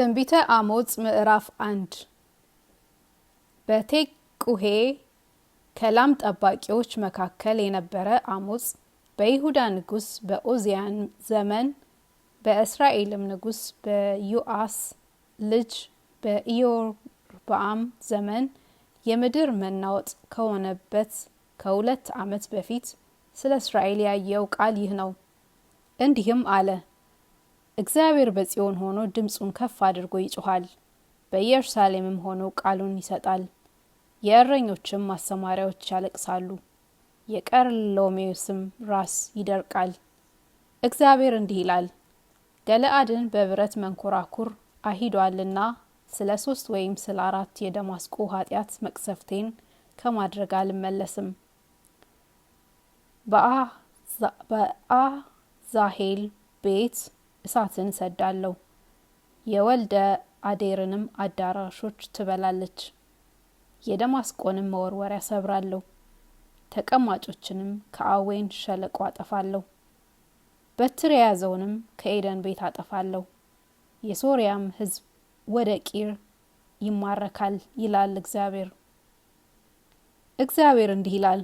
ትንቢተ አሞጽ ምዕራፍ አንድ በቴቁሄ ከላም ጠባቂዎች መካከል የነበረ አሞጽ በይሁዳ ንጉስ በኦዚያን ዘመን በእስራኤልም ንጉስ በዩአስ ልጅ በኢዮርባአም ዘመን የምድር መናወጥ ከሆነበት ከሁለት ዓመት በፊት ስለ እስራኤል ያየው ቃል ይህ ነው። እንዲህም አለ እግዚአብሔር በጽዮን ሆኖ ድምፁን ከፍ አድርጎ ይጮኋል፣ በኢየሩሳሌምም ሆኖ ቃሉን ይሰጣል። የእረኞችም ማሰማሪያዎች ያለቅሳሉ፣ የቀርሜሎስም ራስ ይደርቃል። እግዚአብሔር እንዲህ ይላል፣ ገለአድን በብረት መንኮራኩር አሂዷልና ስለ ሶስት ወይም ስለ አራት የደማስቆ ኃጢአት መቅሰፍቴን ከማድረግ አልመለስም። በአ ዛሄል ቤት እሳትን ሰዳለሁ፣ የወልደ አዴርንም አዳራሾች ትበላለች፣ የደማስቆንም መወርወሪያ ሰብራለሁ፣ ተቀማጮችንም ከአዌን ሸለቆ አጠፋለሁ፣ በትር የያዘውንም ከኤደን ቤት አጠፋለሁ። የሶርያም ሕዝብ ወደ ቂር ይማረካል ይላል እግዚአብሔር። እግዚአብሔር እንዲህ ይላል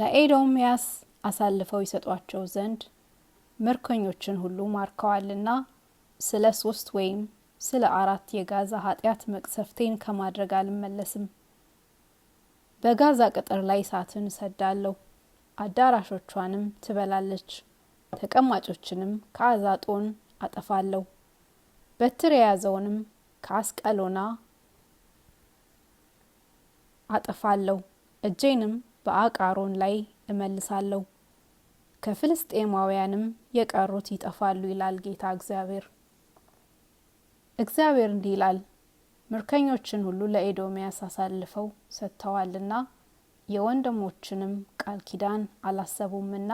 ለኤዶምያስ አሳልፈው ይሰጧቸው ዘንድ ምርኮኞችን ሁሉ ማርከዋልና ስለ ሶስት ወይም ስለ አራት የጋዛ ኃጢአት መቅሰፍቴን ከማድረግ አልመለስም። በጋዛ ቅጥር ላይ እሳትን እሰዳለሁ፣ አዳራሾቿንም ትበላለች፣ ተቀማጮችንም ከአዛጦን አጠፋለሁ። በትር የያዘውንም ከአስቀሎና አጠፋለሁ፣ እጄንም በአቃሮን ላይ እመልሳለሁ። ከፍልስጤማውያንም የቀሩት ይጠፋሉ ይላል ጌታ እግዚአብሔር። እግዚአብሔር እንዲህ ይላል፣ ምርከኞችን ሁሉ ለኤዶምያስ አሳልፈው ሰጥተዋልና የወንድሞችንም ቃል ኪዳን አላሰቡምና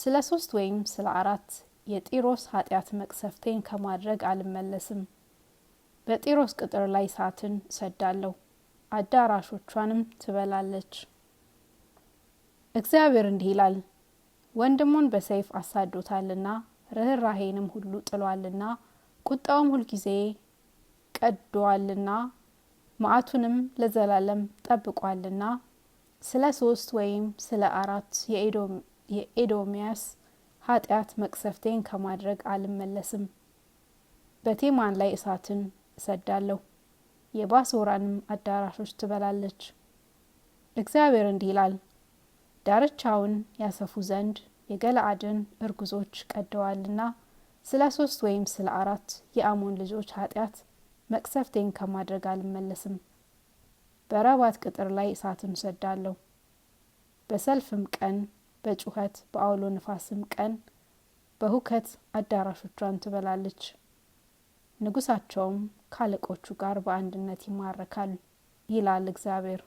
ስለ ሶስት ወይም ስለ አራት የጢሮስ ኃጢአት መቅሰፍቴን ከማድረግ አልመለስም። በጢሮስ ቅጥር ላይ ሳትን ሰዳለሁ አዳራሾቿንም ትበላለች። እግዚአብሔር እንዲህ ይላል ወንድሙን በሰይፍ አሳዶታልና ርኅራሄንም ሁሉ ጥሏልና ቁጣውም ሁልጊዜ ቀዷልና መዓቱንም ለዘላለም ጠብቋልና ስለ ሶስት ወይም ስለ አራት የኤዶምያስ ኃጢአት መቅሰፍቴን ከማድረግ አልመለስም። በቴማን ላይ እሳትን እሰዳለሁ፣ የባሶራንም አዳራሾች ትበላለች። እግዚአብሔር እንዲህ ይላል፣ ዳርቻውን ያሰፉ ዘንድ የገለአድን እርጉዞች ቀደዋልና ስለ ሶስት ወይም ስለ አራት የአሞን ልጆች ኃጢአት መቅሰፍቴን ከማድረግ አልመለስም። በረባት ቅጥር ላይ እሳትን ሰዳለሁ። በሰልፍም ቀን በጩኸት በአውሎ ንፋስም ቀን በሁከት አዳራሾቿን ትበላለች። ንጉሳቸውም ካለቆቹ ጋር በአንድነት ይማረካል ይላል እግዚአብሔር።